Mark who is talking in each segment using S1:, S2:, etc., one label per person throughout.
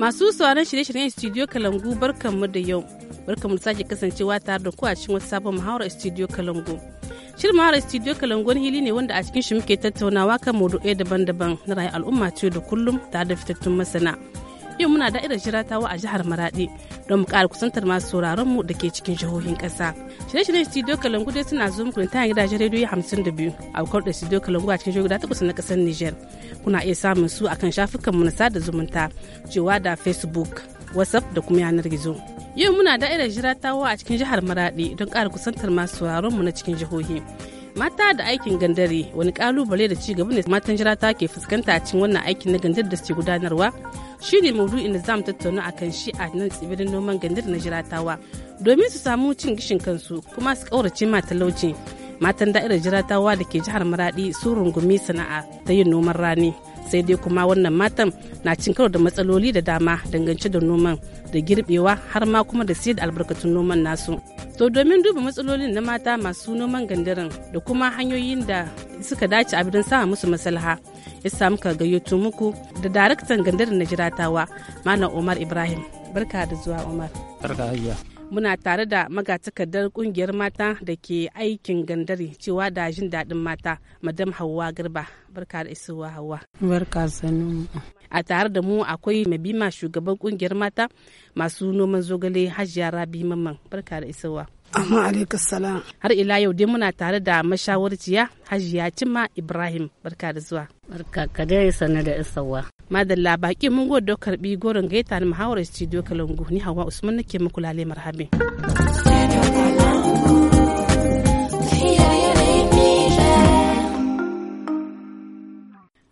S1: Masu sauran shirye-shiryen Studio Kalangu barkanmu da yau. Barkanmu da sake kasancewa tare da ku a cikin wata sabon muhawarar Studio Kalangu. Shirin muhawarar Studio Kalangu hili ne wanda a cikin shi muke tattaunawa kan maudu'ai daban-daban na rayuwar al'umma ce da kullum tare da fitattun masana. yau muna da'irar tawa a jihar maradi don mu ƙara kusantar masu sauraron mu da ke cikin jihohin ƙasa shirye-shiryen studio kalangu dai suna zuwa muku ta hanyar gidajen rediyo hamsin da biyu a kwar da studio kalangu a cikin jihohi guda takwas na ƙasar niger kuna iya samun su akan shafukan mu na sada zumunta cewa da facebook whatsapp da kuma yanar gizo yau muna da'irar tawa a cikin jihar maradi don ƙara kusantar masu sauraron mu na cikin jihohi mata da aikin gandare wani kalubale da ci gaba ne matan jirata ke fuskanta a cikin wannan aikin na gandar da suke gudanarwa shi shine maudu'in da za mu tattauna a kan shi a nan tsibirin noman gandar na jiratawa domin su samu cin gishin kansu kuma su kaurace ma talauci matan da'irar jiratawa da ke jihar maradi sun rungumi sana'a ta yin noman rani sai dai kuma wannan matan na cin karo da matsaloli da dama dangance da noman da girbewa har ma kuma da siyar da albarkatun noman nasu to domin duba matsalolin na mata masu noman gandarin da kuma hanyoyin da suka dace a birnin sama musu masalha ya samu ka gayyato muku da daraktan gandarin na jiratawa malam umar ibrahim barka da zuwa umar muna tare da magatakardar kungiyar mata da ke aikin gandari cewa da jin daɗin mata madam hawa garba barka da isuwa hawa
S2: barka sanu
S1: a tare da mu akwai mabima shugaban kungiyar mata masu noman zogale hajiya rabi mamman barka da isuwa Amma salam. Har ila yau dai muna tare da mashawarciya Hajiya Cimma Ibrahim. Barka da zuwa.
S3: Barka ka dai sanar da isawa.
S1: Madalla baki mun gode karbi goron gaita na muhawarar studio Kalangu ni Hawa Usman nake muku lale marhabin.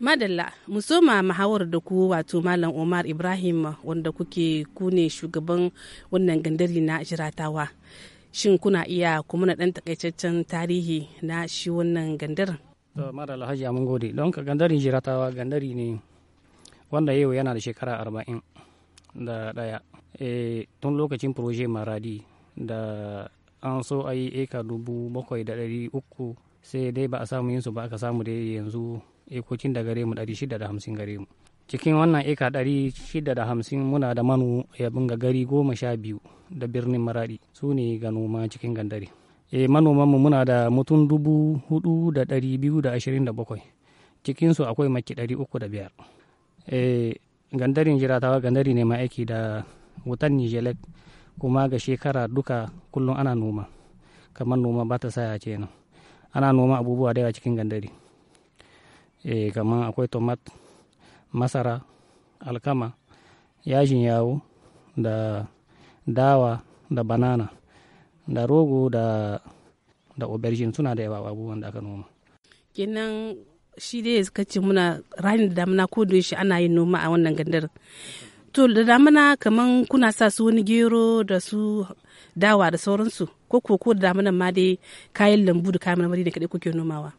S1: madalla mu soma muhawar da ku wato malam omar ibrahim wanda kuke kune shugaban wannan gandari na jiratawa shin kuna iya kuma na ɗan takaitaccen tarihi na shi wannan
S4: gandarin to mara alhaji amin gode don ka gandarin jiratawa gandari ne wanda yau yana da shekara arba'in da ɗaya eh, tun lokacin proje maradi da an so a yi eka dubu bakwai da ɗari uku sai dai ba a samu yin su ba aka samu da yanzu ekocin da gare mu ɗari shida da hamsin gare mu cikin wannan eka ɗari shida da hamsin muna da manu ya bunga gari goma sha biyu da birnin maradi su ne ga noma cikin gandare e eh, manomanmu muna da mutum dubu hudu da ɗari biyu da ashirin da bakwai cikinsu akwai maki ɗari uku da biyar e gandarin jiratawa gandari ne ma aiki da wutan nijelek kuma ga shekara duka kullum ana noma kamar noma ba ta saya ce nan ana noma abubuwa da yawa cikin gandari e kamar akwai tomat masara alkama yajin yawo da dawa da banana da rogo da da aubergine suna da yawa abubuwan da aka noma
S1: kenan shi dai suka ce muna rani da damuna ko da shi ana yin noma a wannan gandar to da damuna kaman kuna sa su wani gero da su dawa da sauransu ko koko da damunan ma dai kayan lambu da kayan marmari da kaɗai kuke nomawa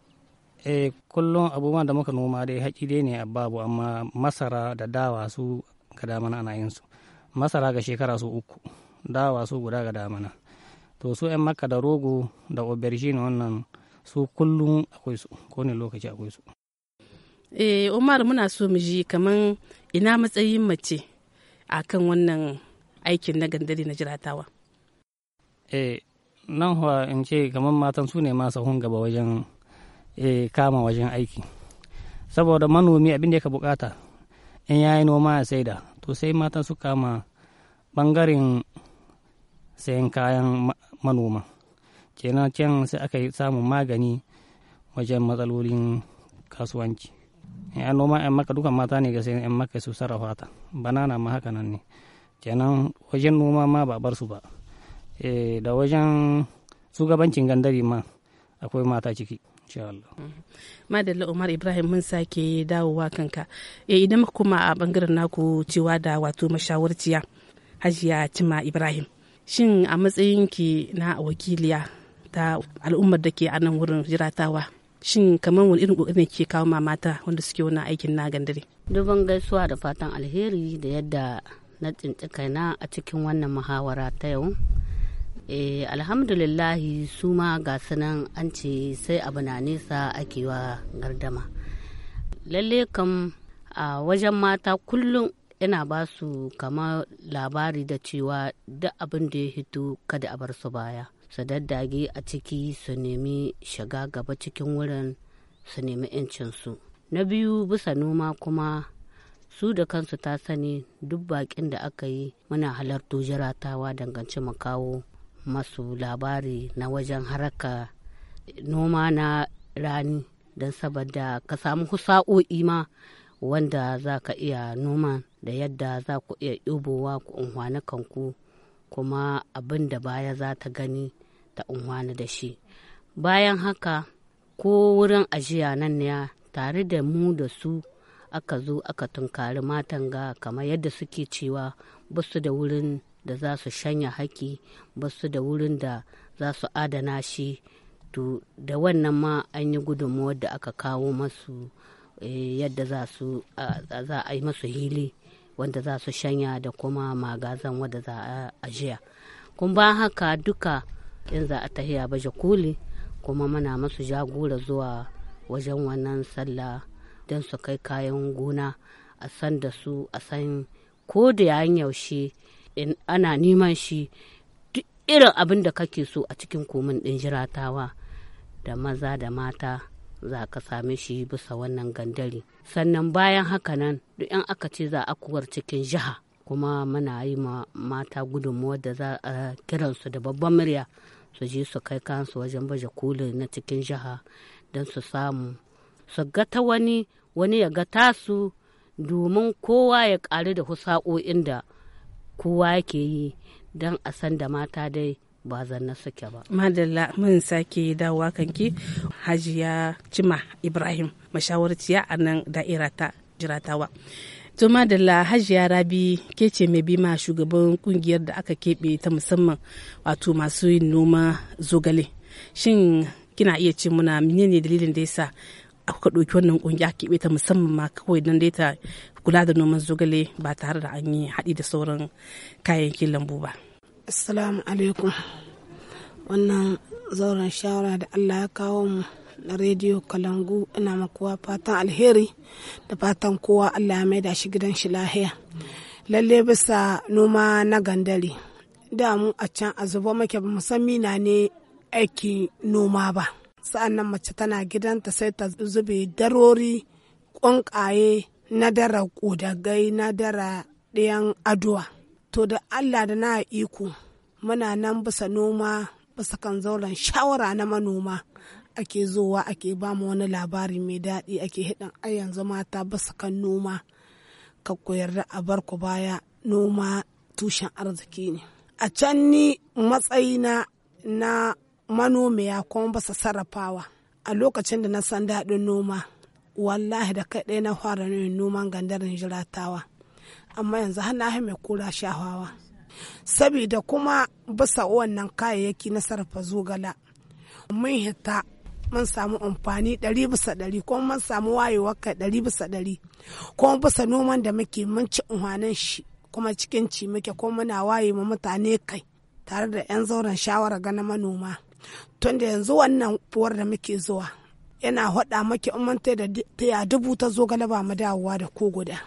S4: eh kullum abubuwan da muka noma dai haƙi dai ne a babu amma masara da dawa su ga damana ana yin su masara ga shekara su uku dawa su guda ga damana to su 'yan maka da rogo da aubergine wannan su kullum akwai su ko ne lokaci akwai su
S1: eh umar muna so mu ji kaman ina matsayin mace akan wannan aikin na gandare na jiratawa
S4: eh nan in ce kamar matan su ne masu hun gaba wajen Eh, kama wajen aiki saboda manomi abin da ka bukata in ya yi noma ya saida to sai mata su kama bangaren sayan kayan manoma kenan can sai aka yi samun magani wajen matsalolin kasuwanci ya noma yan maka dukan mata ne ga sayan yan maka su sarrafa ta banana ma haka nan ne kenan wajen noma ma ba bar su ba eh, da wajen shugabancin gandari ma akwai mata ciki Mhm.
S1: madalla umar ibrahim mun sake dawowa kanka eh, idan kuma a bangaren naku cewa da wato mashawarciya hajiya cima ibrahim shin a matsayinki na wakiliya ta al'ummar da ke a nan wurin jiratawa shin kamar wani irin kokarin ke kawo ma mata wanda suke wani
S3: aikin na gandare duban gaisuwa da fatan alheri da yadda na tsinci kaina a cikin wannan muhawara ta yau eh alhamdulillahi su ma ga sanan an ce sai abu na nesa ake wa gardama lalle kam a wajen mata kullum ina ba su kama labari da cewa duk abin da ya hito kada a bar su baya su daddage a ciki su nemi shiga gaba cikin wurin su nemi 'yancinsu na biyu bisa noma kuma su da kansu ta sani duk bakin da aka yi muna halarto jiratawa danganci mu kawo masu labari na wajen haraka noma na rani don saboda ka samu sa'o'i ma wanda za ka iya noma da yadda za ku iya ɗubowa ku unhwani kanku kuma abin da baya za ta gani ta unhwani da shi bayan haka ko wurin ajiya nan ne tare da mu da su aka zo aka tunkari matan ga kamar yadda suke cewa ba su da wurin da za su shanya haki ba su da wurin da za su adana shi da wannan ma an yi gudunmuwar da aka kawo masu eh, yadda za a yi masu hili wanda za su shanya da kuma magazan wadda za a ajiya kun ba haka duka in za a tahiya baje jakuli kuma muna masu jagora zuwa wajen wannan sallah don su kai kayan gona a san da su a san ko da yayin yaushe in ana neman shi irin abin da kake so a cikin komin ɗin jiratawa da maza da mata za ka sami shi bisa wannan gandari sannan bayan haka nan duk yan aka ce za a kuwar cikin jiha kuma muna yi ma mata gudunmuwa da za a kiransu da babban murya su je su kai kansu wajen baje koli na cikin jiha don su samu su ga ta wani wani ya ga tasu domin kowa ya ƙaru da husa'o'in da kowa yake yi don a san da mata dai ba zanna suke ba. Madalla mun sake dawowa kanki Hajiya
S1: Cima Ibrahim mashawarciya a nan da'ira ta jiratawa. To Madalla Hajiya Rabi ke ce mai bima shugaban kungiyar da aka keɓe ta musamman wato masu yin noma zogale. Shin kina iya ce muna menene dalilin da yasa aka ɗauki wannan kungiya keɓe ta musamman ma kawai don dai ta kula da noman zogale ba tare da an yi haɗi da sauran kayayyakin lambu ba.
S5: Assalamu alaikum. Wannan zauren shawara da Allah ya kawo mu na rediyo Kalangu ina makuwa fatan alheri da fatan kowa Allah ya maida shi gidan shi lahiya. Lalle bisa noma na gandari. Da mu a can a zuba muke ba san na ne aikin noma ba. Sa'an nan mace tana gidanta sai ta zube darori, ƙwanƙaye, nadara ƙodagai nadara ɗayan adowa to da allah da na iko muna nan bisa noma bisa kan zauren shawara na manoma ake zowa ake ba mu wani labari mai daɗi ake hidan a yanzu mata bisa kan noma ka koyar da a bar ku baya noma tushen arziki ne a can ni matsayina na manomiya kuma basa sarrafawa a lokacin da na san daɗin noma wallahi da kai ɗaya na fara yin noman gandarin jiratawa amma yanzu hana mai kura shahawa sabida kuma bisa wannan kayayyaki na sarrafa zogala mun hita mun samu amfani ɗari bisa ɗari kuma mun samu wayewa kai ɗari bisa ɗari kuma bisa noman da muke mun ci umarnin shi kuma cikin ci muke kuma muna waye ma mutane kai tare da 'yan zauren shawara ga na manoma tunda yanzu wannan fuwar da muke zuwa yana haɗa maki in manta da taya dubu ta zo galaba mu dawowa da ko guda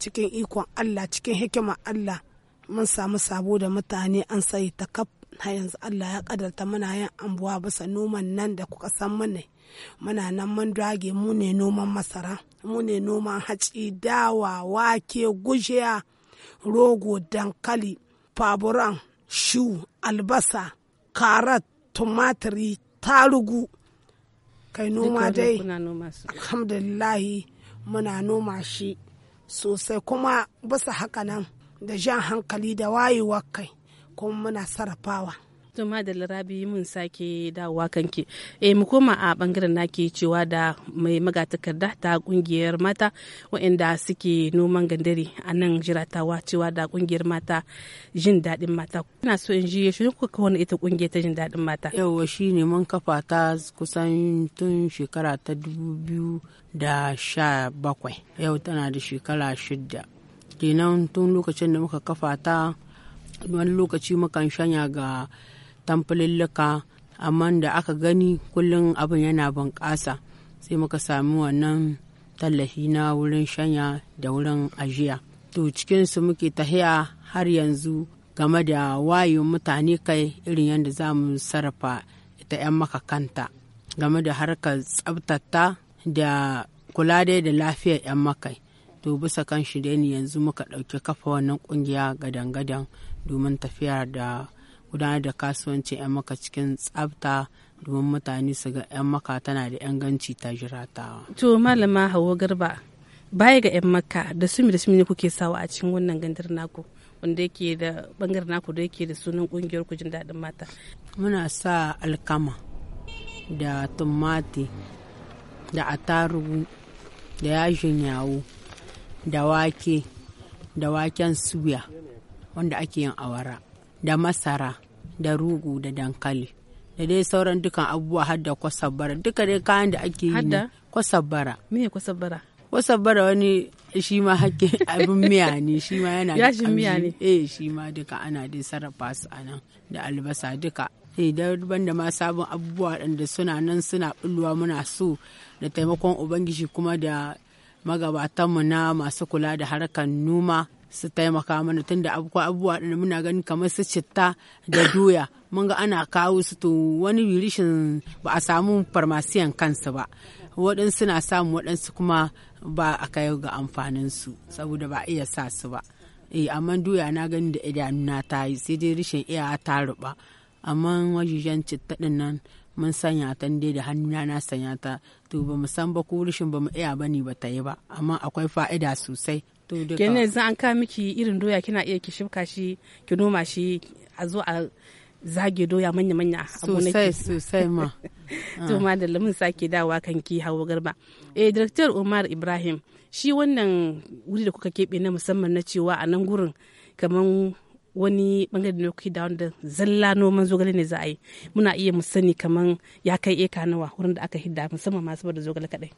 S5: cikin ikon Allah cikin hikimar Allah mun samu sabo da mutane an sai ta kaf yanzu Allah ya kadarta muna yin ambuwa bisa noman nan da kuka san mana muna nan mun dage mu ne noman masara mu ne noman hatsi dawa wake gujiya rogo dankali faburan shu albasa karat tumatiri tarugu kai noma dai alhamdulillahi muna noma shi sosai kuma bisa haka nan da jan hankali da wayewar kai kuma muna sarrafawa
S1: to madalla rabi mun sake dawowa kanki e mu koma a bangaren nake cewa da mai magatakarda ta kungiyar mata waɗanda suke noman gandare a nan jiratawa cewa da kungiyar mata jin daɗin mata ina so in ji shi kuka wani ita kungiyar ta jin daɗin mata yawa
S2: shi ne mun kafa ta kusan tun shekara ta dubu biyu da sha bakwai yau tana da shekara shida kenan tun lokacin da muka kafa ta wani lokaci mukan shanya ga tamfulilluka amma da aka gani kullum abin yana bunƙasa sai muka sami wannan tallafi na wurin shanya da wurin ajiya to cikinsu muke tahiya har yanzu game da wayo mutane kai irin yadda za mu sarrafa ita 'yan makakanta game da harkar tsabtata da kula dai da lafiyar 'yan makai to bisa kan shi ne yanzu muka ɗauki kafa wannan ƙungiya gadan-gadan domin tafiyar da gudanar da kasuwanci 'yan maka cikin tsabta domin mutane su ga 'yan maka tana da 'yan ganci
S1: ta jiratawa. To malama Hauwa Garba baya ga 'yan maka da sumi da sumi ne kuke sawa a cikin wannan gandar naku wanda yake da bangar naku da yake da sunan kungiyar ku jin daɗin mata.
S2: sa alkama da tumati da atarugu da yajin yawo da wake da waken suya wanda ake yin awara. da masara da rugu da dankali da dai sauran dukan abubuwa har da kwasabbara duka dai kayan da ake yi ne kwasabbara
S1: me kwasabbara
S2: kwasabbara wani shi ma hake abin miya ne shi ma yana da yashin miya ne eh shi ma duka ana dai sarrafa su nan da albasa duka eh da da ma sabon abubuwa waɗanda suna nan suna bulluwa muna so da taimakon ubangiji kuma da magabatanmu na masu kula da harkar noma su taimaka mana tunda akwai abubuwa da muna ganin kamar su citta da doya mun ga ana kawo su to wani rishin ba a samu farmasiyan kansu ba waɗansu na samu waɗansu kuma ba a kai ga amfanin su saboda ba iya sa su ba eh amma doya na gani da idanuna ta yi sai dai rishin iya ta ruba amma wajen citta din nan mun sanya ta dai da hannuna na sanya ta to ba mu san ba ko rishin ba mu iya bane ba ta yi ba amma akwai fa'ida sosai kenan
S1: yanzu an ka miki irin doya kina iya ki shifka shi ki noma shi a zo a zage doya manya manya sosai sosai ma to ah. da lamun sake dawa kan ki hawo garba eh director Umar Ibrahim shi wannan wuri da kuka keɓe na musamman na cewa a nan gurin kamar wani bangare da kuke da zalla noman zogale ne za a yi muna iya mu sani kamar ya kai eka nawa wurin da aka hidda musamman masu da zogale kadai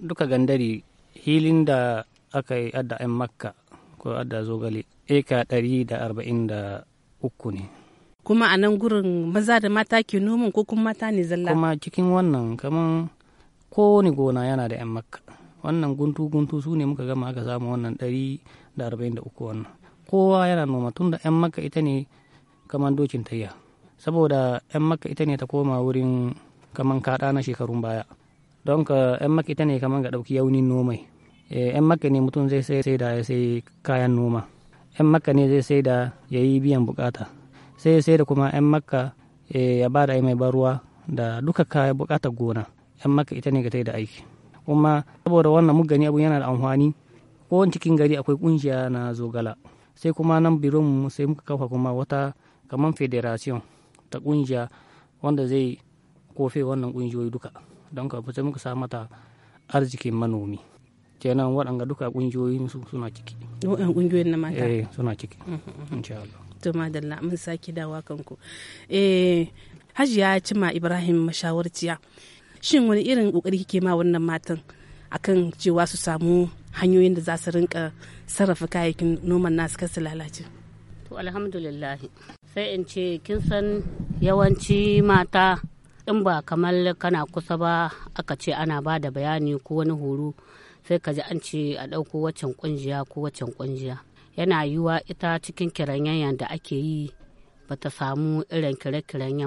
S4: duka gandari hilin da aka yi adda 'yan makka ko adda zogale eka ɗari da arba'in da uku ne
S1: kuma a nan gurin maza da mata ke noman ko kuma mata ne zalla kuma
S4: cikin wannan kaman kowane gona yana da 'yan makka wannan guntu guntu su ne muka gama aka samu wannan ɗari da arba'in da uku wannan kowa yana noma tun da 'yan makka ita ne kaman dokin tayya saboda 'yan makka ita ne ta koma wurin kaman kaɗa na shekarun baya don ka 'yan makka ita ne kaman ga ɗauki yaunin nomai Eh, 'yan maka ne mutum zai sai da ya sai kayan noma 'yan maka ne zai sai da ya yi biyan bukata sai sai da kuma 'yan maka eh, ya ba da mai ruwa da duka kayan bukatar gona 'yan maka ita ne ga ta da aiki kuma saboda wannan mugani abu yana da amfani ko cikin gari akwai kungiya na zogala sai kuma nan biron mu sai muka kafa kuma wata kamar federation ta kungiya wanda zai kofe wannan kungiyoyi duka don ka sai muka samata arzikin manomi kenan waɗanga duka ƙungiyoyin su suna ciki waɗannan
S1: ƙungiyoyin na mata eh suna ciki mm-hmm. insha Allah to madalla mun sake dawa kanku eh Hajiya Cima Ibrahim mashawarciya shin wani irin kokari kike ma wannan matan akan cewa su samu hanyoyin da za su rinka sarrafa
S3: kayayyakin noman nasu kar su lalace to alhamdulillah sai in ce kin san yawanci mata in ba kamar kana kusa ba aka ce ana ba da bayani ko wani horo sai ka ji an ce a ɗauko waccan ƙungiya ko waccan ƙungiya yana yiwuwa ita cikin kiranyen da ake yi ba ta samu irin kire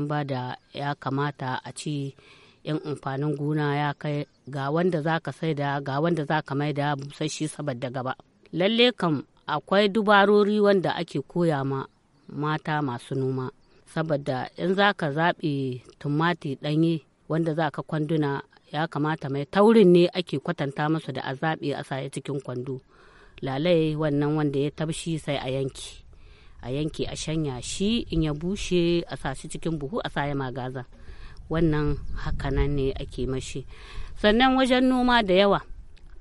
S3: ba da ya kamata a ci yan amfanin gona ya kai ga wanda za ka saida ga wanda za ka maida sabar saboda gaba lalle kam akwai dubarori wanda ake koya ma mata masu noma saboda in za ka zaɓe tumati ɗanye wanda za ka kwanduna ya kamata mai taurin ne ake kwatanta masu da a a saye cikin kwando lalai wannan wanda ya tabshi sai a yanki a yanki a shanya shi in ya bushe a sa cikin buhu a ma magaza wannan hakanan ne ake mashi sannan wajen noma da yawa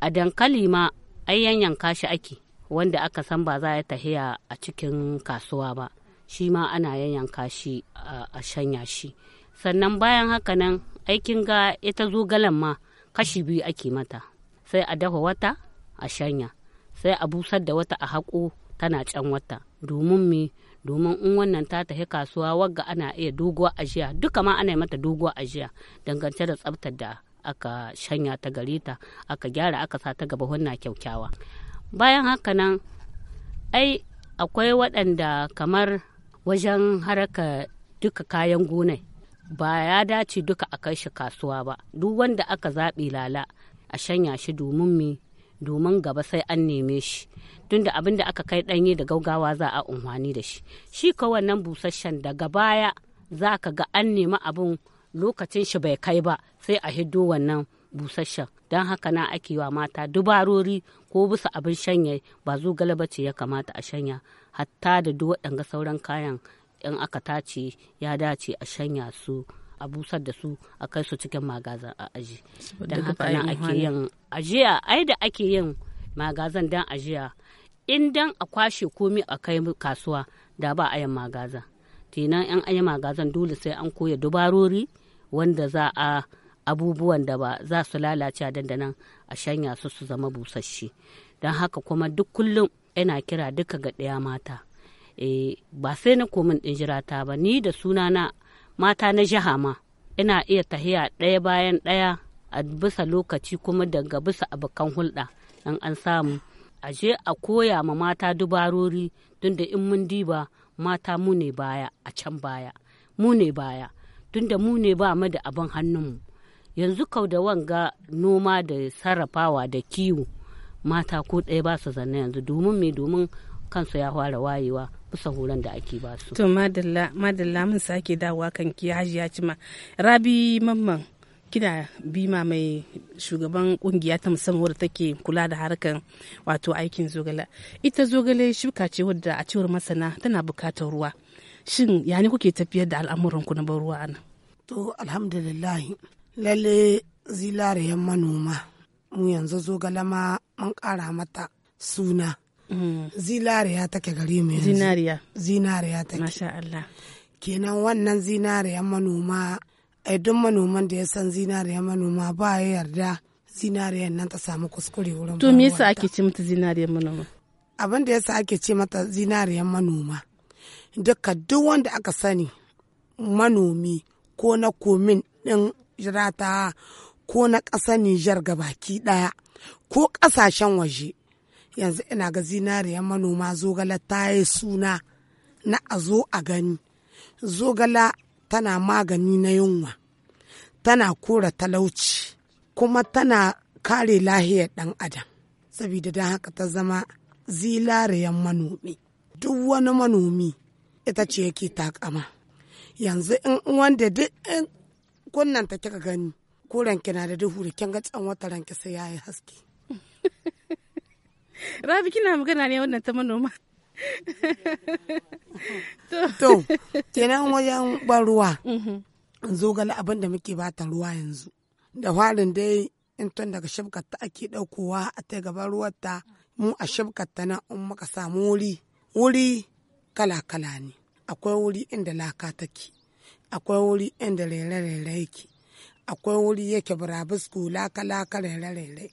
S3: a dankali ma ai yanka shi ake wanda aka san ba za ya tahiya a cikin kasuwa ba shi ma ana yanyanka shi a shanya shi sannan bayan hakanan aikin ga ita zogalen ma kashi biyu ake mata sai a dafa wata a shanya sai a busar da wata a haƙo tana can wata domin me domin in wannan ta tafi kasuwa wagga ana iya doguwa ajiya duka ma ana mata doguwa ajiya dangance da tsabtar da aka shanya ta gare ta aka gyara aka sa ta gaba wannan kyaukyawa bayan haka nan ai akwai waɗanda kamar wajen haraka duka kayan gonai ba ya dace duka a kai shi kasuwa ba duk wanda aka zaɓi lala a shanya shi domin me domin gaba sai an neme shi tunda abin da aka kai ɗanye da gaugawa za a unhwani da shi shi ka wannan busasshen daga baya za ka ga an nemi abin lokacin shi bai kai ba sai a hiddo wannan busasshen don haka na ake wa mata dubarori ko bisa abin shanya ba zo galaba ce ya kamata a shanya hatta da duk waɗanga sauran kayan in aka tace ya dace a shanya su a busar da su a kai su cikin magazan a aji don haka nan ake yin ajiya ai da ake yin magazan don ajiya in a kwashe komi a kai kasuwa da ba a yin magaza kenan yan ayi magazan dole sai an koya dubarori wanda za a abubuwan da ba za su lalace a dandanan a shanya su su zama busasshe don haka kuma duk kullum yana kira duka ga ɗaya mata Eh, ba sai na komin ɗin jirata ba ni da sunana mata na jiha ma ina iya tahiya ɗaya bayan ɗaya a bisa lokaci kuma daga bisa abokan hulɗa in an samu a je a koya ma mata dubarori tunda in mun diba mata mu ne baya a can baya mu ne baya tunda mu ne ba mu da abin hannunmu yanzu kau da wanga noma da sarrafawa da kiwo mata ko ɗaya ba su zanne yanzu domin me domin kansu ya fara wayewa kusa horon da ake ba su. To
S1: madalla madalla mun sake dawowa kan ki hajiya cima. Rabi mamman kina bima mai shugaban kungiya ta musamman wadda take kula da harkan wato aikin zogala. Ita zogale shuka ce wadda a cewar masana tana bukatar ruwa. Shin ya ne kuke tafiyar da al'amuran ku na ban ruwa nan?
S5: To alhamdulillah lalle zilariyan manoma mu yanzu zogale ma mun kara mata suna zinariya take gare mu zinariya zinariya take masha Allah kenan wannan zinariya manoma ai eh, duk manoman da ya san zinariya manoma ba ya yarda zinariyar nan ta samu kuskure wurin to me yasa ake
S1: ce mata zinariyar manoma abin da
S5: yasa ake ce mata zinariyar manoma duka duk wanda aka sani manomi ko na komin din jirata ko na ƙasar Nijar gabaki ɗaya ko ƙasashen waje yanzu ina ga zinariyar manoma zogala ta yi suna na a zo a gani zogala tana magani na yunwa tana kora talauci kuma tana kare lahiyar ɗan adam saboda don haka ta zama zinariyar manomi duk wani manomi ita ce yake takama yanzu in wanda duk in kunnanta kika gani koren na da duhu da kin ga can wata ranki sai yayi haske
S1: rabi kina magana ne wannan ta manoma to kenan wajen
S5: ban ruwa zogale abin da muke bata ruwa yanzu da farin dai in tun daga shabkata ake daukowa a ta gaban ta mu a shabkata na in muka samu wuri wuri kala-kala ne akwai wuri inda laka take akwai wuri inda rere-rere yake akwai wuri yake burabisku laka-laka rere-rere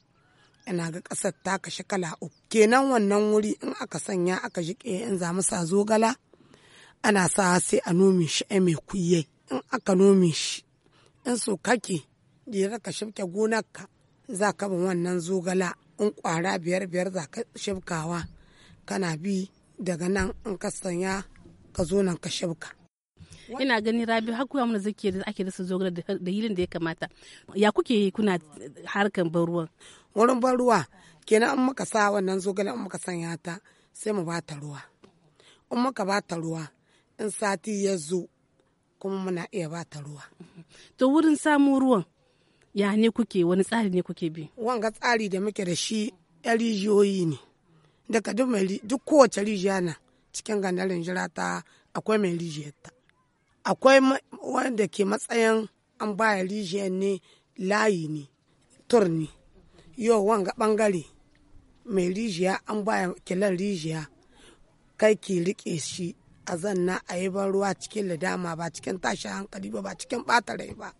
S5: ina ga ƙasar ta kashe kala uku kenan wannan wuri in aka sanya aka jiƙe in za sa zogala ana sa sai a nome shi ai mai kuyye in aka nome shi in so kake jera ka shifke gonarka za ka bin wannan zogala in ƙwara biyar biyar za ka shifkawa kana
S1: bi daga nan in ka sanya ka zo
S5: nan ka shifka
S1: ina ganin rabi har kuwa mana zake da ake dasa zogale da hilin da ya kamata ya kuke kuna harkan ban ruwan wurin ban ruwa kenan an muka sa wannan zogale an muka sanya ta
S5: sai mu ba ta ruwa in muka ba ta ruwa in sati ya zo kuma muna iya ba ta ruwa to wurin samu ruwan ya ne kuke wani tsari ne kuke bi wanga tsari da muke da shi yan rijiyoyi ne daga duk kowace rijiya na cikin gandarin jira ta akwai mai ta? akwai wanda ke matsayin an baya rijiyar ne layi ne turni yau wanga bangare mai rijiya an baya kilan rijiya kai ke rike shi a zanna a yi ban ruwa cikin ladama ba cikin tashi hankali ba ba cikin bata rai ba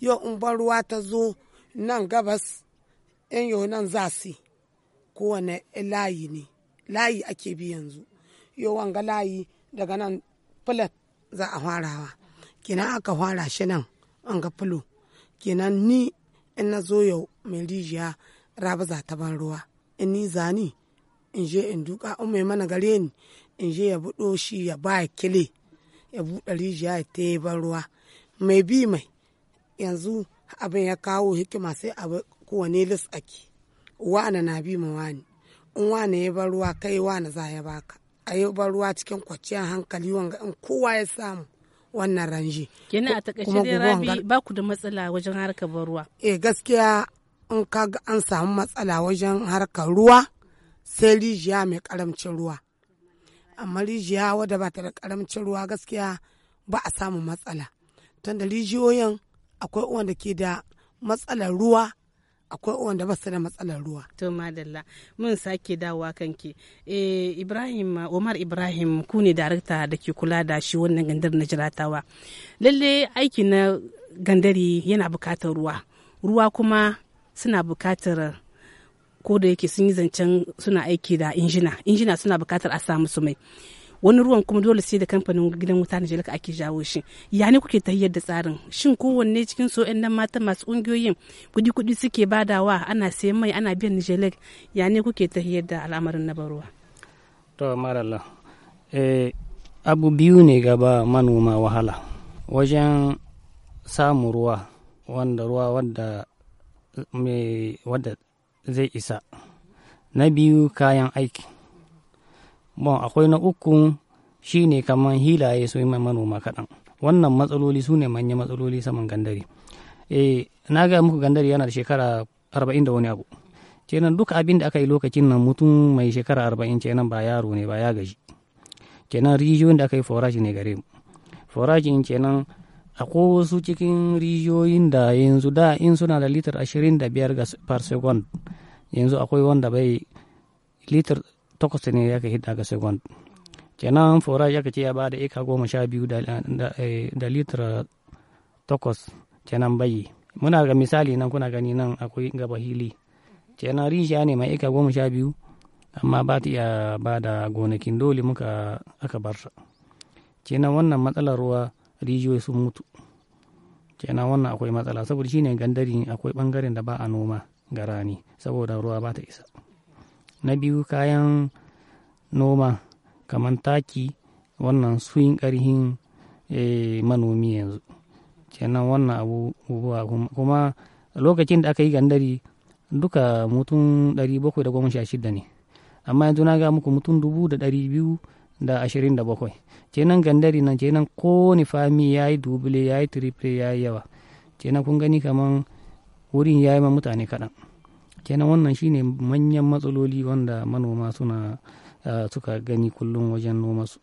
S5: yau in ban ruwa ta zo nan gabas yan yau nan za su kowane layi ne layi ake bi yanzu yau wanga layi daga nan filat za a farawa kenan aka fara shi nan an ga fulo kenan ni in na zo yau mai rijiya rabaza za ta ban ruwa in ni zani in je in duka in mai mana gare ni in je ya buɗo shi ya ba kile ya buɗe rijiya ya ta yi ban ruwa mai bi mai yanzu abin ya kawo hikima sai abu kowane lis ake wane na bi ma wani in wane ya ban ruwa kai wane za ya baka a yi ban ruwa cikin kwanciyar hankali wanga in kowa ya samu wannan ranji.
S1: Kina a takaice dai rabi ba ku da matsala wajen harkar ban ruwa.
S5: Eh gaskiya in ka ga an samu matsala wajen harkar ruwa sai rijiya mai karamcin ruwa. Amma rijiya wadda ba ta da karamcin ruwa gaskiya ba a samu matsala. Tunda rijiyoyin akwai wanda ke da matsalar ruwa akwai wanda ba su da matsalar ruwa.
S1: To madalla mun sake dawowa kanki. E, Ibrahim Omar Ibrahim ku ne darakta da ke kula da shi wannan gandar na jiratawa. Lalle aiki na gandari yana bukatar ruwa. Ruwa kuma suna bukatar ko da yake sun yi zancen suna aiki da injina. Injina suna bukatar a samu su mai. wani ruwan kuma dole sai da kamfanin gidan wuta na jalika ake jawo shi ya ne kuke tayyar da tsarin shin kowanne cikin so nan mata masu ƙungiyoyin kudi kudi suke badawa ana sayan mai ana biyan nijelek ya ne kuke tayyar da al'amarin na barwa
S4: to marala eh, abu biyu ne gaba manoma wahala wajen samun ruwa wanda ruwa wanda mai wadda zai isa na biyu kayan aiki bon akwai na uku shine kamar hilaye su yi manoma kaɗan wannan matsaloli su ne manyan matsaloli saman gandari e na gaya muku gandari yana da shekara arba'in da wani abu kenan duka abin da aka yi lokacin nan mutum mai shekara arba'in kenan ba yaro ne ba ya gaji kenan rijiyoyin da aka yi forage ne gare mu forajin kenan akwai wasu cikin rijiyoyin da yanzu da in suna da litar ashirin da biyar per second yanzu akwai wanda bai litar takwas ne ya ka hidda ga second kenan fora ya ce ya ba da eka goma sha biyu da eh, litar takwas kenan bayi muna ga misali nan kuna gani nan akwai gaba hili kenan rishiya ne mai eka goma sha biyu amma ba ta iya ba da gonakin dole muka aka bar sa kenan wannan matsalar ruwa rijiyoyi sun mutu kenan wannan akwai matsala saboda shine gandari akwai bangaren da ba a noma ga rani saboda ruwa ba ta isa na biyu kayan noma kamar taki wannan suyin karhin eh, manomi yanzu kenan wannan abubuwa kuma lokacin da aka yi gandari duka mutum 716 ne amma yanzu na ga muku mutum 227 kenan gandari nan kenan kowane fami ya yi dubule ya yi triple ya yi yawa kenan kun gani kaman wurin ya yi ma mutane kaɗan kenan wannan shine manyan matsaloli wanda manoma suna eh, suka gani kullum wajen su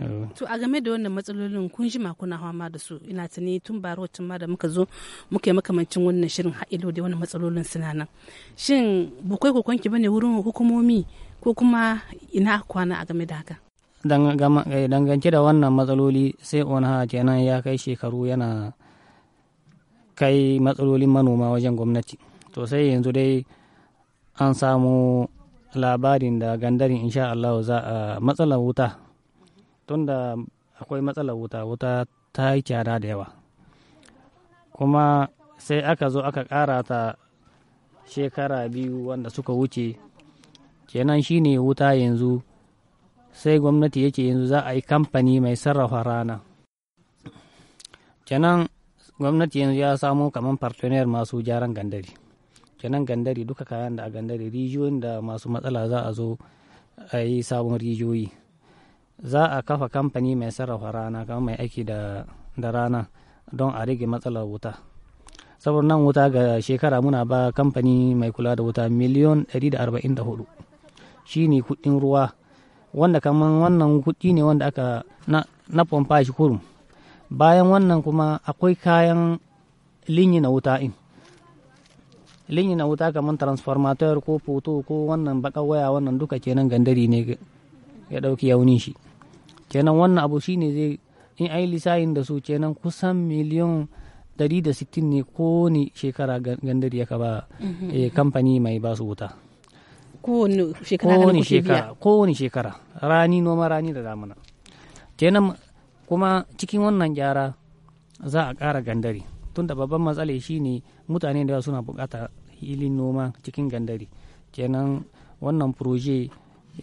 S4: eh.
S1: to a game da wannan matsalolin kun jima kuna hama da su ina tuni tun ba wacce ma da muka zo muka makamancin wannan shirin ha'ilo da wannan matsalolin suna nan shin bukai ku kwanki bane wurin hukumomi ko kuma ina kwana a game da haka
S4: eh, dangance da wannan matsaloli sai ona kenan ya kai shekaru yana kai matsalolin manoma wajen gwamnati to sai yanzu dai an samu labarin da gandarin insha Allah za a matsalar wuta tunda akwai matsalar wuta wuta ta yi kyara da yawa kuma sai aka zo aka ƙara ta shekara biyu wanda suka wuce kenan shine wuta yanzu sai gwamnati yake yanzu za a yi kamfani mai sarrafa rana kenan gwamnati yanzu ya samu kamar partner masu gyaran gandari kenan gandare duka kayan da a gandare rijiyoyin da masu matsala za a zo a yi sabon rijiyoyi za a kafa kamfani mai sarrafa rana kamar mai aiki da rana don a rage matsalar wuta saboda nan wuta ga shekara muna ba kamfani mai kula da wuta miliyon 144 shi ne kudin ruwa wanda kamar wannan kudi ne wanda aka na pompa shi kurum bayan wannan kuma akwai kayan linyi na wuta in linyi na wuta kamar transformator ko foto ko wannan baka waya wannan duka kenan gandari ne ya dauki yaunin shi kenan wannan abu shine zai in ai lisayin da su kenan kusan miliyan 160 ne ne shekara gandari ya kaba mhm. eh, kamfani mai basu wuta
S1: kowane shekara
S4: kowane shekara rani noma rani da damuna kenan kuma cikin wannan gyara za a ƙara gandari tunda babban matsala ne mutane da suna bukata hilin noma cikin gandari kenan wannan proje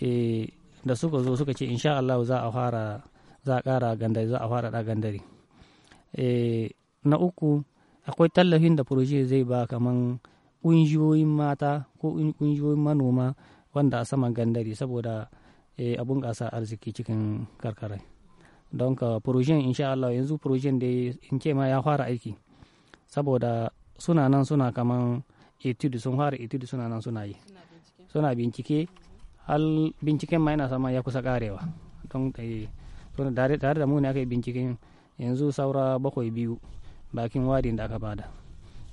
S4: eh, da suka zo suka ce insha Allah za a fara za a kara gandari za a fara da gandari eh, na uku akwai tallafin da proje zai ba kaman ƙungiyoyin mata ko ƙungiyoyin manoma wanda a saman gandari saboda eh, a bunƙasa arziki cikin karkara don ka proje insha Allah yanzu proje da in ce ma ya fara aiki saboda suna nan suna kaman etude sun fara etude suna nan suna yi suna bincike hal binciken ma yana sama ya kusa karewa don eh, tare da mu ne aka yi binciken yanzu saura bakwai biyu bakin warin da aka bada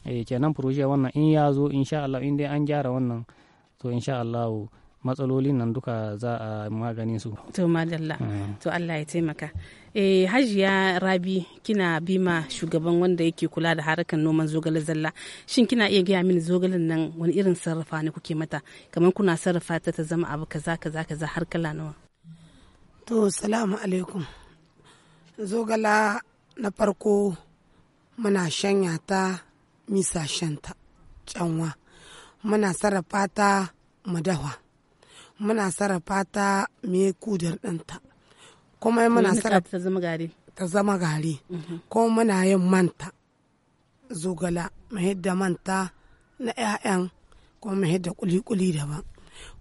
S4: e kenan proje wannan in ya zo insha Allah in dai an gyara wannan to insha Allah matsalolin nan duka za a maganin su. To madalla, mm. to Allah ya taimaka. E, hajiya Rabi
S1: kina bima shugaban wanda yake kula da harkar noman zogale zalla. Shin kina iya gaya mini zogalen nan wani irin sarrafa ne kuke mata? Kamar kuna sarrafa ta ta zama abu kaza kaza kaza har kala nawa. To
S5: salamu alaikum. Zogala na farko muna shanya ta misa shanta canwa. Muna sarrafa ta madawa. muna sarrafa ta me kudar ɗinta kuma muna sarrafa ta zama gari ta zama gari mhm. ko muna yin manta zogala mu hidda manta na 'ya'yan ko mu hidda kuli-kuli daban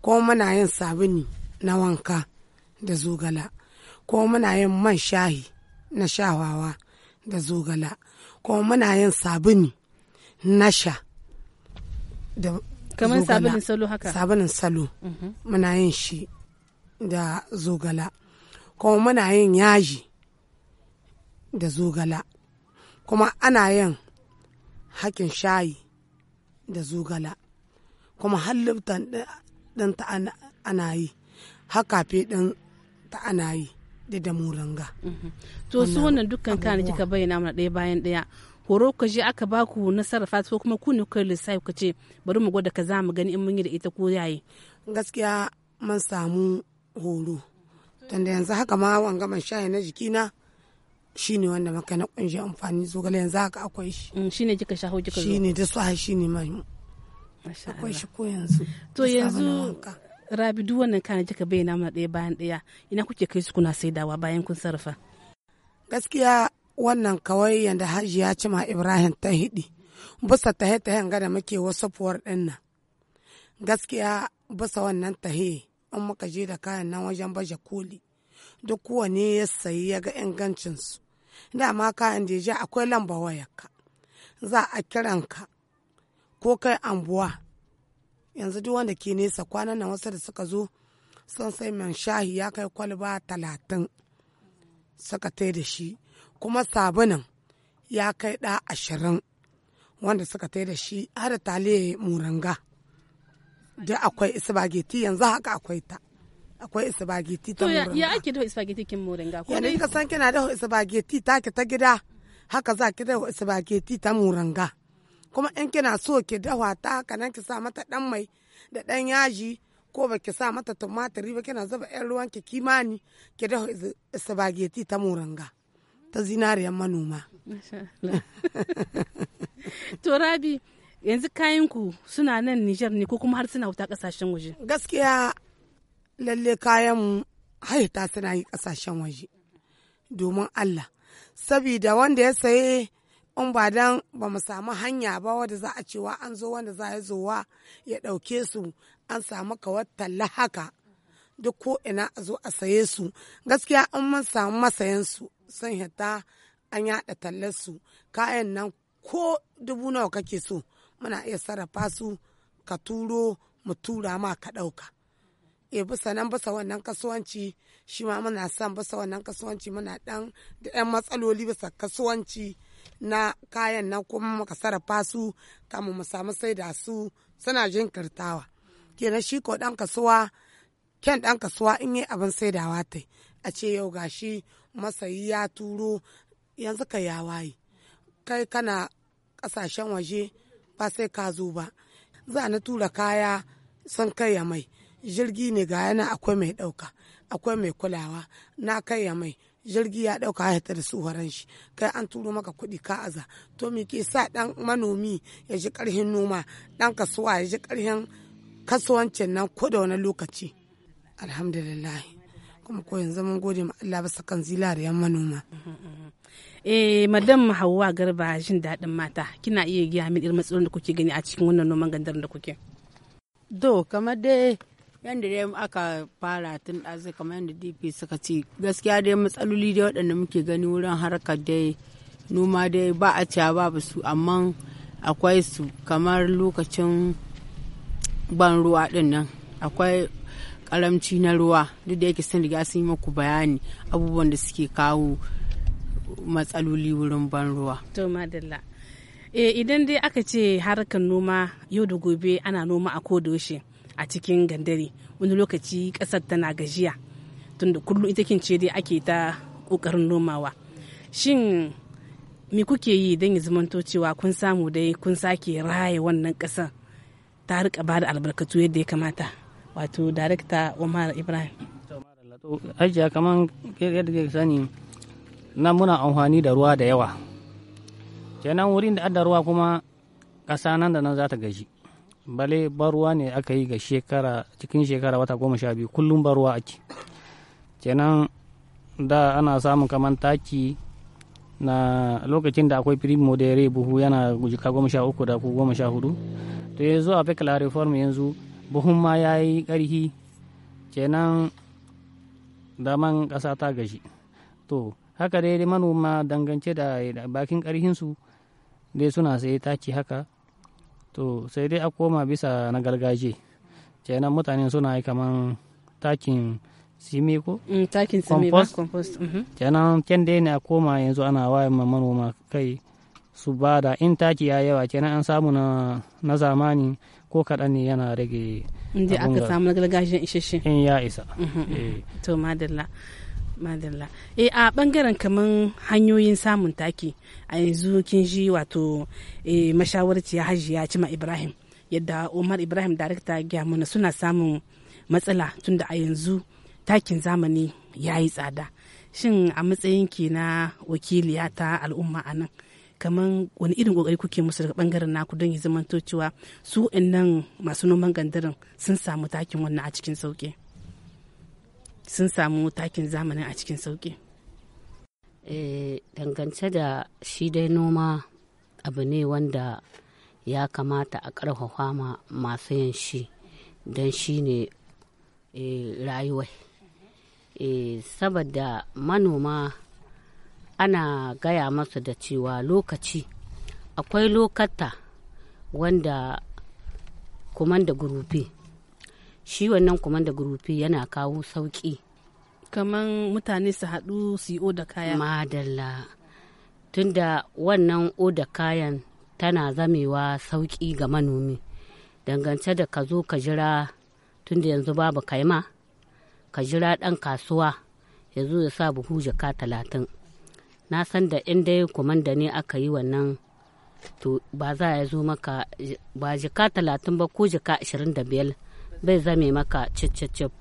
S5: ko muna yin sabuni na wanka da zogala ko muna yin man shahi na shawawa da zogala ko muna yin sabuni na sha kamar sabulin salo haka sabulin salo mhm. muna yin shi da zogala kuma muna yin yaji da zogala kuma ana yin hakin shayi da zogala kuma halittar ɗin ta ana yi haka
S1: ɗin ta ana yi da da muranga
S5: mhm. to su wannan dukkan kan kika
S1: bayyana mana ɗaya bayan ɗaya horo ka je aka baku na sarrafa ko kuma ku ne kai lissafi ka ce bari mu gwada ka za mu gani in mun yi da ita ko yayi gaskiya mun samu
S5: horo tunda yanzu haka ma wan gama shaye na jikina shine wanda maka
S1: na kunshi amfani zogale yanzu haka akwai shi mm, shine kika shaho kika zo shine da
S5: su shine mai akwai shi ko yanzu to yanzu
S1: rabi duk wannan kana jika bayyana mana ɗaya bayan ɗaya ina kuke kai su kuna saidawa bayan kun sarrafa
S5: gaskiya wannan kawai yadda Haji ya cima ibrahim ta hidi bisa tahe tahen ga da muke wasu fuwar dinnan gaskiya bisa wannan tahe in muka je da kayan nan wajen baje koli duk kowane ya sayi ya ga ingancinsu dama kayan da ya akwai lamba wayarka za a ka. ko kai ambuwa? yanzu duk wanda ke nesa kwanan nan wasu da suka zo sun sai man shahi ya kai kwalba talatin suka tai da shi kuma sabunin ya kai ɗa ashirin wanda suka tai da shi har tale muranga da akwai isbageti yanzu haka akwai ta akwai isbageti ta muranga
S1: ya ake da isbageti kin muranga ko ne ka san
S5: kina dafa isbageti ta ki ta gida haka za ki dafa isbageti ta muranga kuma in kina so ki dafa ta haka nan ki sa mata dan mai da dan yaji ko ba ki sa mata tumatiri ba kina zuba yan ruwan ki kimani ki dafa isbageti ta muranga ta zinariyar
S1: manoma to rabi yanzu kayanku suna nan nijar ne ko kuma har suna wuta kasashen waje gaskiya lalle
S5: kayan haita suna yi kasashen waje domin allah sabida wanda ya saye in ba dan ba mu samu hanya ba wadda za a cewa an zo wanda za ya zowa ya ɗauke su an samu kawar talla haka duk ko ina a zo a saye su gaskiya an mun samu masayan su sun hita an yaɗa su kayan nan ko dubu nawa kake so muna iya sarrafa su ka turo mu tura ma ka ɗauka e bisa nan bisa wannan kasuwanci shi ma muna son bisa wannan kasuwanci muna ɗan da 'yan matsaloli bisa kasuwanci na kayan nan kuma muka sarrafa su kamun mu samu saida su suna jinkirtawa kenan shi ko dan kasuwa kyan ɗan kasuwa in yi abin saidawa ta a ce yau gashi masayi ya turo yanzu ka ya waye kai kana kasashen waje ba sai ka zo ba za na tura kaya san kai ya mai jirgi ne ga yana akwai mai ɗauka akwai mai kulawa na kai ya mai jirgi ya ɗauka ya ta da tsohoron shi kai an turo maka kuɗi ka aza to me ke sa dan manomi ya ji karhin noma dan kasuwa ya ji karhin kasuwancin nan ko da wani lokaci alhamdulillah kuma ko zaman gode ma Allah bisa kan zilariyan manoma
S1: eh madam Hauwa Garba jin daɗin mata kina iya gaya min irin matsalolin da kuke gani a cikin wannan noman gandar da kuke
S2: do kamar dai yadda dai aka fara tun ɗazu kamar yadda dp suka ce gaskiya dai matsaloli dai waɗanda muke gani wurin harkar dai noma dai ba a cewa babu su amma akwai su kamar lokacin ban ruwa ɗin nan akwai karamci na ruwa duk da yake sun riga sun yi muku bayani abubuwan da suke kawo matsaloli wurin ban ruwa.
S1: To madalla. E, idan dai aka ce harkar noma yau da gobe ana noma a kodoshe a cikin gandare wani lokaci kasar tana gajiya tunda kullum ita kince dai ake ta kokarin nomawa. Shin mi kuke yi dan ya zamanto cewa kun samu dai kun sake raye wannan ƙasar ta rika ba da albarkatu yadda ya kamata? wato darekta Umar Ibrahim.
S4: Ajiya kamar yadda ke sani na muna amfani da ruwa da yawa. Kenan wurin da adda ruwa kuma ƙasa nan da nan za ta gaji. Bale baruwa ne aka yi ga shekara cikin shekara wata goma sha biyu kullum baruwa ake. Kenan da ana samun kamar taki na lokacin da akwai firin modere buhu yana jika goma sha uku da goma sha hudu. To yanzu a fi reform yanzu buhun ma ya yi ƙarhi kenan daman ƙasa ta gashi to haka dai manoma dangance da bakin ƙarhinsu dai suna sai taki haka to sai dai a koma bisa na gargaje kenan mutane suna yi kamar takin simi ko mm, takin simi ba compost mhm. kenan can dai ne a koma yanzu ana wayan manoma kai su bada in taki ya yawa kenan an samu na zamani ko kaɗan ne yana rage inda aka samu gargajiyar isheshe in ya isa mhm. eh.
S1: to madalla madalla e a bangaren kaman hanyoyin samun taki a yanzu kin ji wato e, haji ya cima ibrahim yadda umar ibrahim darakta ya mana suna samun matsala tunda a yanzu takin zamani ya yi tsada shin a matsayin ki na wakiliya ta al'umma anan. kamar wani irin kokari kuke musu daga bangaren naku don ya zamanto cewa su nan masu noman gandarin sun samu takin wannan a cikin sauki
S3: sun samu takin zamanin a cikin sauki eh, dangance da shi dai noma abu ne wanda ya kamata a ƙarfafa ma masu yin shi don shi ne eh, rayuwai eh, saboda manoma ana gaya masa da cewa lokaci akwai lokata wanda kumanda gurufi shi wannan kumanda gurufi yana kawo sauƙi kamar mutane su haɗu su yi oda kaya madalla tunda wannan oda kayan tana zamewa sauƙi ga manomi dangance da ka zo ka jira tunda yanzu babu kaima ka jira ɗan kasuwa ya zo ya sa buhu jaka talatin na san da in dai kumanda ne aka yi wannan to ba za ya zo maka ba jika talatin ba ko jika ashirin da biyar bai zame maka cicicip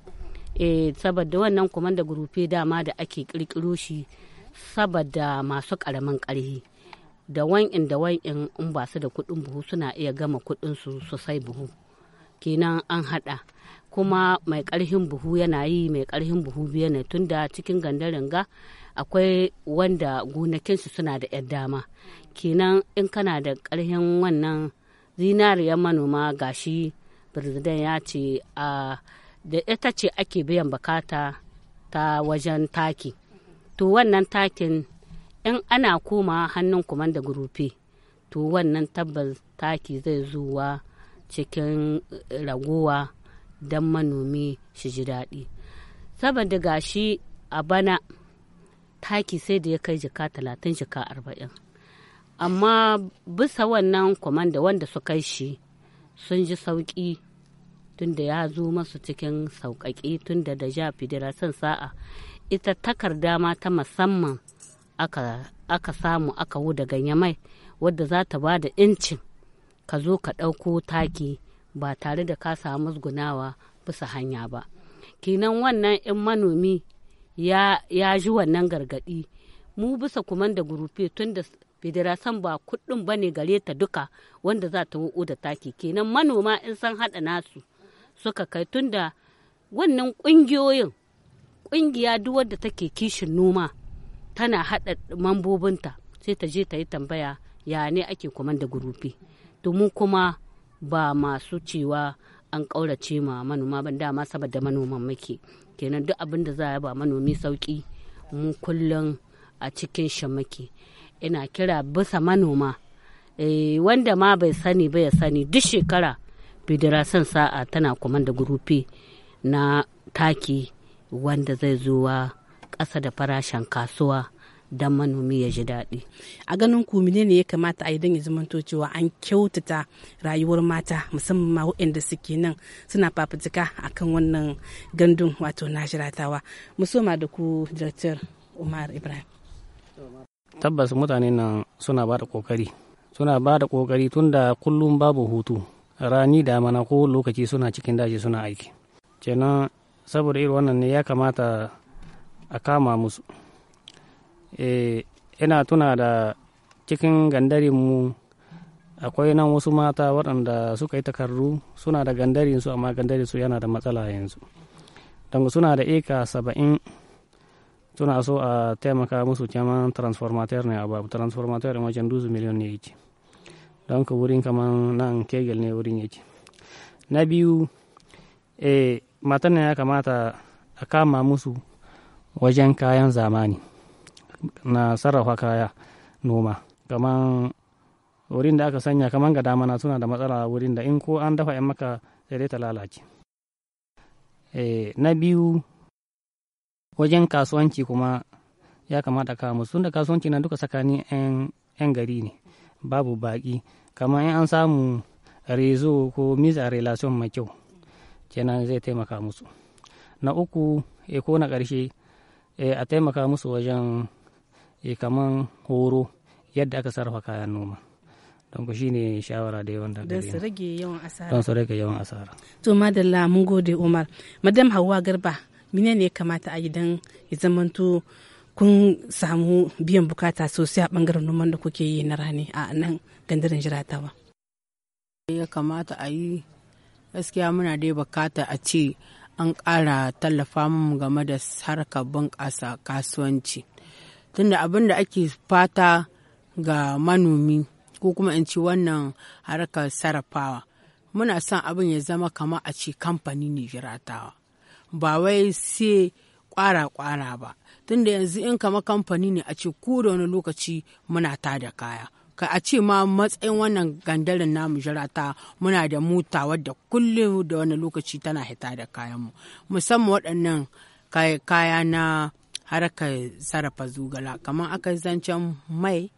S3: e saboda wannan kumanda gurufe dama da ake kirkiro shi saboda masu karamin karhi da in, da wan'in in ba su da kuɗin buhu suna iya gama kuɗin su sosai buhu kenan an haɗa kuma mai karhin buhu yana yi mai karhin buhu biyu ne tunda cikin gandarin ga akwai wanda gonakinsu suna da 'yar dama kenan in kana da karhin wannan zinariyar manoma gashi birzidan ya ce a da ita ce ake biyan bukata ta wajen taki to wannan takin in ana koma hannun kumanda gurufe to wannan tabbas taki zai zuwa cikin ragowa don manomi shi ji daɗi saboda gashi a bana taki sai da ya kai jika talatin jika arba'in amma bisa wannan kwamanda wanda su kai shi sun ji sauƙi tunda ya zo masu cikin sauƙaƙi tunda da ja federation sa'a ita takarda ma ta musamman aka samu aka wuda ganye mai wadda za ta ba da incin ka zo ka ɗauko taki ba tare da ka samu musgunawa bisa hanya ba kinan wannan in manomi ya, ya ji wannan gargadi mu bisa kuma da gurufe tun da federasan ba kuɗin ba ne gare ta duka wanda za ta wuko da taki kenan manoma in san haɗa nasu suka kai tun da wannan ƙungiyoyin ƙungiya duk wadda take kishin noma tana haɗa mambobinta sai ta je ta yi tambaya ya ne ake kuma da gurufe domin kuma ba masu cewa an ƙaurace ma manoma ban dama saboda manoman muke kenan duk abin da za a ba manomi sauƙi mu kullum a cikin shamaki ina kira bisa manoma eh, wanda ma bai sani ba ya sani duk shekara san sa'a tana kuma da gurufi na taki wanda zai zuwa ƙasa da farashin kasuwa don manomi ya ji daɗi
S1: a ganin ku ne ya kamata a yi don ya zamanto cewa an kyautata rayuwar mata musamman ma waɗanda suke nan suna fafutuka kan wannan gandun wato na shiratawa musoma da ku director umar ibrahim
S4: tabbas mutane nan suna ba da kokari suna ba da kokari tunda kullum babu hutu rani da mana ko lokaci suna cikin daji suna aiki kenan saboda irin wannan ne ya kamata a kama musu Eh, ina tuna da cikin gandarin mu akwai nan wasu mata waɗanda suka yi takardu suna da gandarin su amma gandarin su yana da matsala yanzu don suna da eka saba'in suna so a taimaka musu kyaman transformateur ne abu transformateur ne wajen duzu miliyon ne yake don ka wurin kaman nan kegel ne wurin yake na biyu eh, matan ya kamata a kama musu wajen kayan zamani na sarrafa kaya noma kaman wurin da aka sanya kaman ga damana suna da matsala wurin da in ko an dafa yan maka sai ta lalace eh, na biyu wajen kasuwanci kuma ya kamata ka musu da kasuwanci na duka tsakanin 'yan gari ne babu baƙi kamar in an samu rezo ko misa relation mai kyau kenan zai taimaka musu na uku e ko na ƙarshe eh, a taimaka musu wajen e kaman horo yadda aka sarrafa kayan noma don ku shine shawara da yawan da don su
S1: rage yawan asara
S4: don su rage yawan asara
S1: to madalla mun gode umar madam hawa garba mine ne kamata a yi don ya zamanto kun samu biyan bukata sosai a bangaren noman da kuke yi na rani a nan gandarin jiratawa
S2: ya kamata a yi gaskiya muna dai bukata a ce an ƙara tallafa mu game da harkar bunƙasa kasuwanci tunda abin da ake fata ga manomi ko kuma in ci wannan harkar sarrafawa muna son abin ya zama kama a ce kamfani ne jiratawa ba wai sai kwara-kwara ba tunda yanzu in kama kamfani ne a ce ko da wani lokaci muna ta da kaya ka a ce ma matsayin wannan gandarin namu jirata muna da mota wadda kullum da wani lokaci tana hita da kayanmu musamman waɗannan kaya na harkar sarrafa zugala kamar aka zancen mai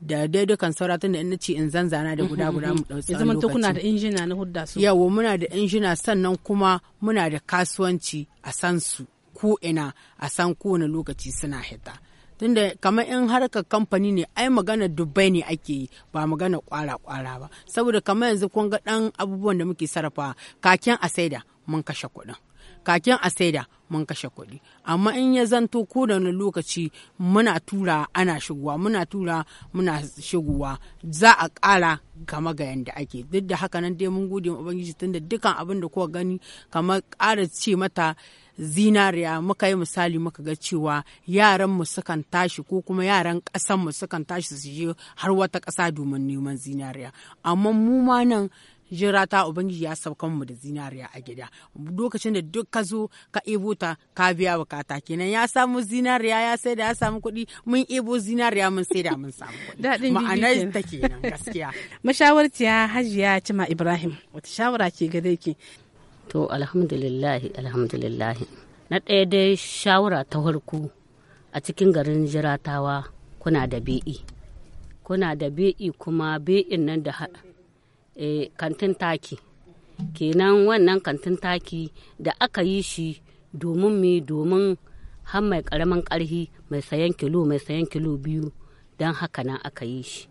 S2: da daidukan saura tun da in in zanzana da guda guda mu dauki tsawon lokaci. kuna da injina
S1: na hudda su. Yawo
S2: muna da injina sannan kuma muna da kasuwanci a san su ko ina a san kowane lokaci suna hita. tunda kamar in harkar kamfani ne ai magana dubai ne ake yi ba magana kwara-kwara ba saboda kamar yanzu kun ga dan abubuwan da muke sarrafa kakin a saida mun kashe kuɗin kakin a saida mun kashe kuɗi amma in ya zanto ko da wani lokaci muna tura ana shigowa muna tura muna shigowa za a ƙara kama ga yanda ake duk da haka nan dai mun gode ubangiji tunda dukan abin da kuka gani kamar ƙara ce mata zinariya muka yi misali muka ga cewa yaran mu sukan tashi ko kuma yaran ƙasan mu sukan tashi su je har wata ƙasa domin neman zinariya amma mu ma nan jirata ubangiji ya sauka mu da zinariya a gida lokacin da duk ka zo ka ebo ta ka biya bukata kenan ya samu zinariya ya sai da ya samu kuɗi mun ebo zinariya mun sai da mun
S1: samu kuɗi ma'anar ta kenan gaskiya mashawarciya hajiya cima ibrahim wata
S3: shawara ke gare ki to alhamdulillahi alhamdulillahi na ɗaya dai shawara ta farko a cikin garin jiratawa kuna da be'i kuna da be'i kuma be'in nan da E kantin taki kenan wannan kantin taki da aka yi shi domin mi domin har mai karamin karhi mai sayan kilo mai sayan kilo biyu don haka nan aka yi shi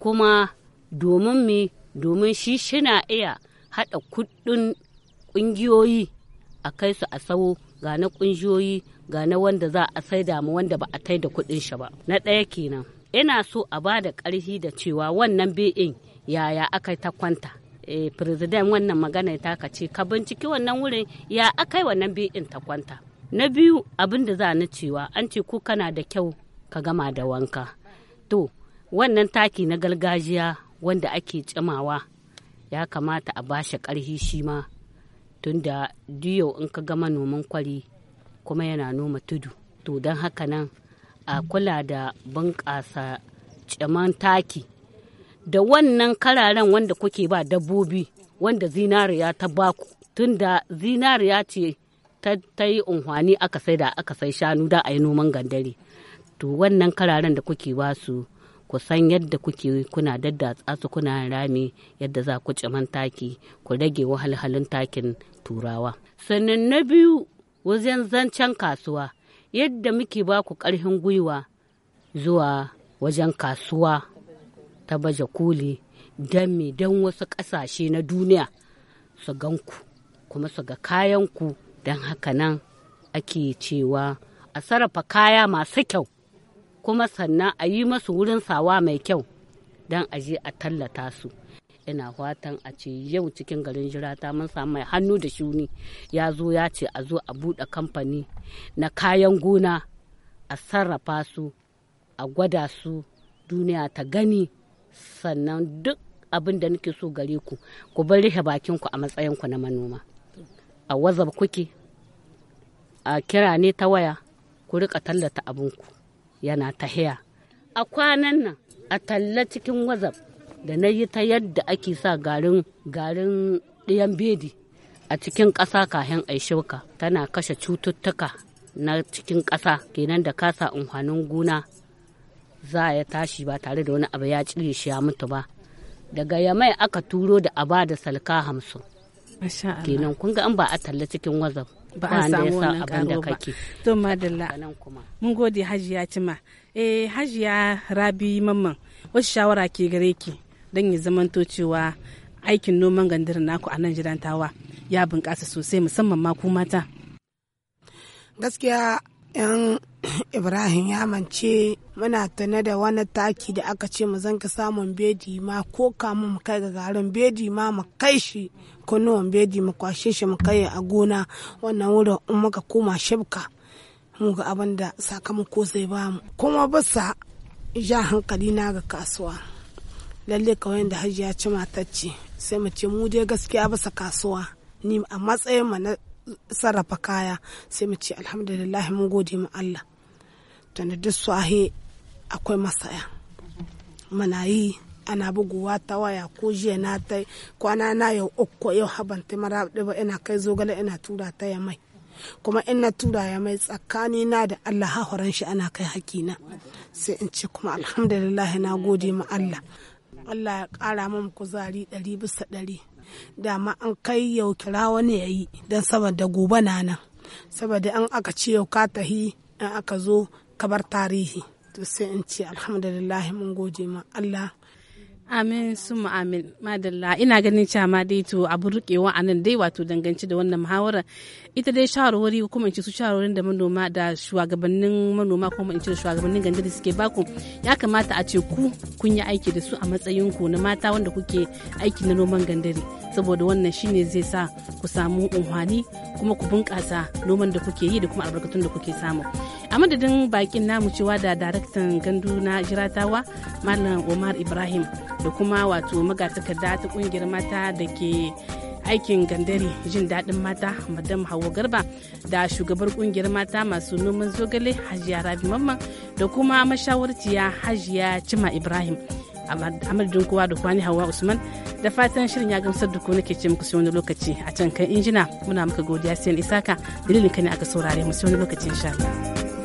S3: kuma domin mi domin shi shina iya haɗa kuɗin ƙungiyoyi a kai su a sawo ga na ƙungiyoyi ga wanda za a saida mu wanda ba a tai da kuɗin shi ba na ɗaya kenan ina so a ba da ƙarfi da cewa wannan be'in yaya aka ta kwanta e, president wannan magana ta ka ce ka binciki wannan wurin ya akai wannan bi'in ta kwanta na biyu abin da za na cewa an ce ku kana da kyau ka gama da wanka to wannan taki na gargajiya wanda ake cimawa ya kamata a bashi karhi shi ma tunda diyo in ka gama noman kwari kuma yana noma tudu to don haka nan a kula da bunƙasa ciman taki da wannan kararen wanda kuke ba dabbobi wanda zinariya ta baku tunda zinariya ce ta yi unhwani aka sai da aka sai shanu da a yi noman gandare to wannan kararen da kuke ba su ku san yadda kuke kuna daddatsa su kuna rami yadda za ku ciman taki ku rage wahalhalun takin turawa sannan na biyu wajen zancen kasuwa yadda muke ba ku ƙarfin gwiwa zuwa wajen kasuwa ta baje koli don me don wasu ƙasashe na duniya su ganku kuma su ga kayanku don haka nan ake cewa a sarrafa kaya masu kyau kuma sannan a yi masu wurin sawa mai kyau don a je a tallata su ina fatan a ce yau cikin garin jirata mun samu mai hannu da shuni ya zo ya ce a zo a buɗe kamfani na kayan gona a sarrafa su a gwada su duniya ta gani sannan duk abin da nake so gare ku ku bar rufe bakin ku a matsayin ku na manoma a wazab kuke a kira ne ta waya ku rika tallata abin ku. yana tahiya a kwanan nan a talla cikin wazab da na yi ta yadda ake sa garin garin ɗiyan bedi a cikin ƙasa kahin aishauka tana kashe cututtuka na cikin ƙasa kenan da kasa amfanin gona za ya tashi ba tare da wani abu ya cire shi ya mutu ba daga yamai aka turo da aba da salka hamsin kenan kun ga an ba a talla cikin wazan ba a samu wannan da kake
S1: to madalla mun gode hajiya cima eh hajiya rabi mamman wasu shawara ke gare ki don ya zamanto cewa aikin noman gandar naku a nan jirantawa ya bunƙasa sosai musamman ma ku mata
S5: gaskiya yan ibrahim ya mance muna tana da wani taki da aka ce mu zanka samun bedi ma ko kamun mu kai ga garin bedi ma mu kai shi kunuwan bedi mu kwashe shi mu kai a gona wannan wurin in muka koma shibka mu ga abin da sakamako zai bamu kuma bisa ja hankali na ga kasuwa lalle kawai da hajiya ci matacce sai mu ce mu dai gaskiya bisa kasuwa ni a matsayin mu na sarrafa kaya sai mu ce alhamdulillah mun gode mu Allah tana duk swahe akwai masaya mana yi ana buguwa ta waya ko jiya na ta kwana na yau uku yau habanta mara ba ina kai zogale ina tura ta ya mai kuma ina tura ya mai tsakani na da Allah hahoran shi ana kai hakina sai in ce kuma alhamdulillah na gode ma Allah Allah ya kara mun kuzari ɗari bisa ɗari dama an kai yau kira wani ya yi don saboda gobe na nan saboda an aka ce yau ka tahi in aka zo kabar tarihi to sai in ce alhamdulillah mun goje ma Allah
S1: amin suma amin madalla ina ganin cewa ma dai to abu rikewa a nan dai wato danganci da wannan muhawara ita dai shawarwari kuma in ce su shawarwarin da manoma da shugabannin manoma kuma in ce shugabannin gandar da suke baku ya kamata a ce ku kun yi aiki da su a matsayin ku na mata wanda kuke aiki na noman gandari saboda wannan shine zai sa ku samu unhwani kuma ku bunƙasa noman da kuke yi da kuma albarkatun da kuke samu a madadin bakin namu cewa da daraktan gandu na jiratawa malam omar ibrahim da kuma wato magatakarda ta kungiyar mata da ke aikin gandari jin daɗin mata madam hawa garba da shugabar kungiyar mata masu noman zogale hajiya rabi mamman da kuma mashawarciya hajiya cima ibrahim a madadin kowa da kwani hawa usman da fatan shirin ya gamsar da ku nake ce muku sai wani lokaci a can kan injina muna maka godiya sayan isaka dalilin ka ne aka saurare mu sai wani lokaci insha Allah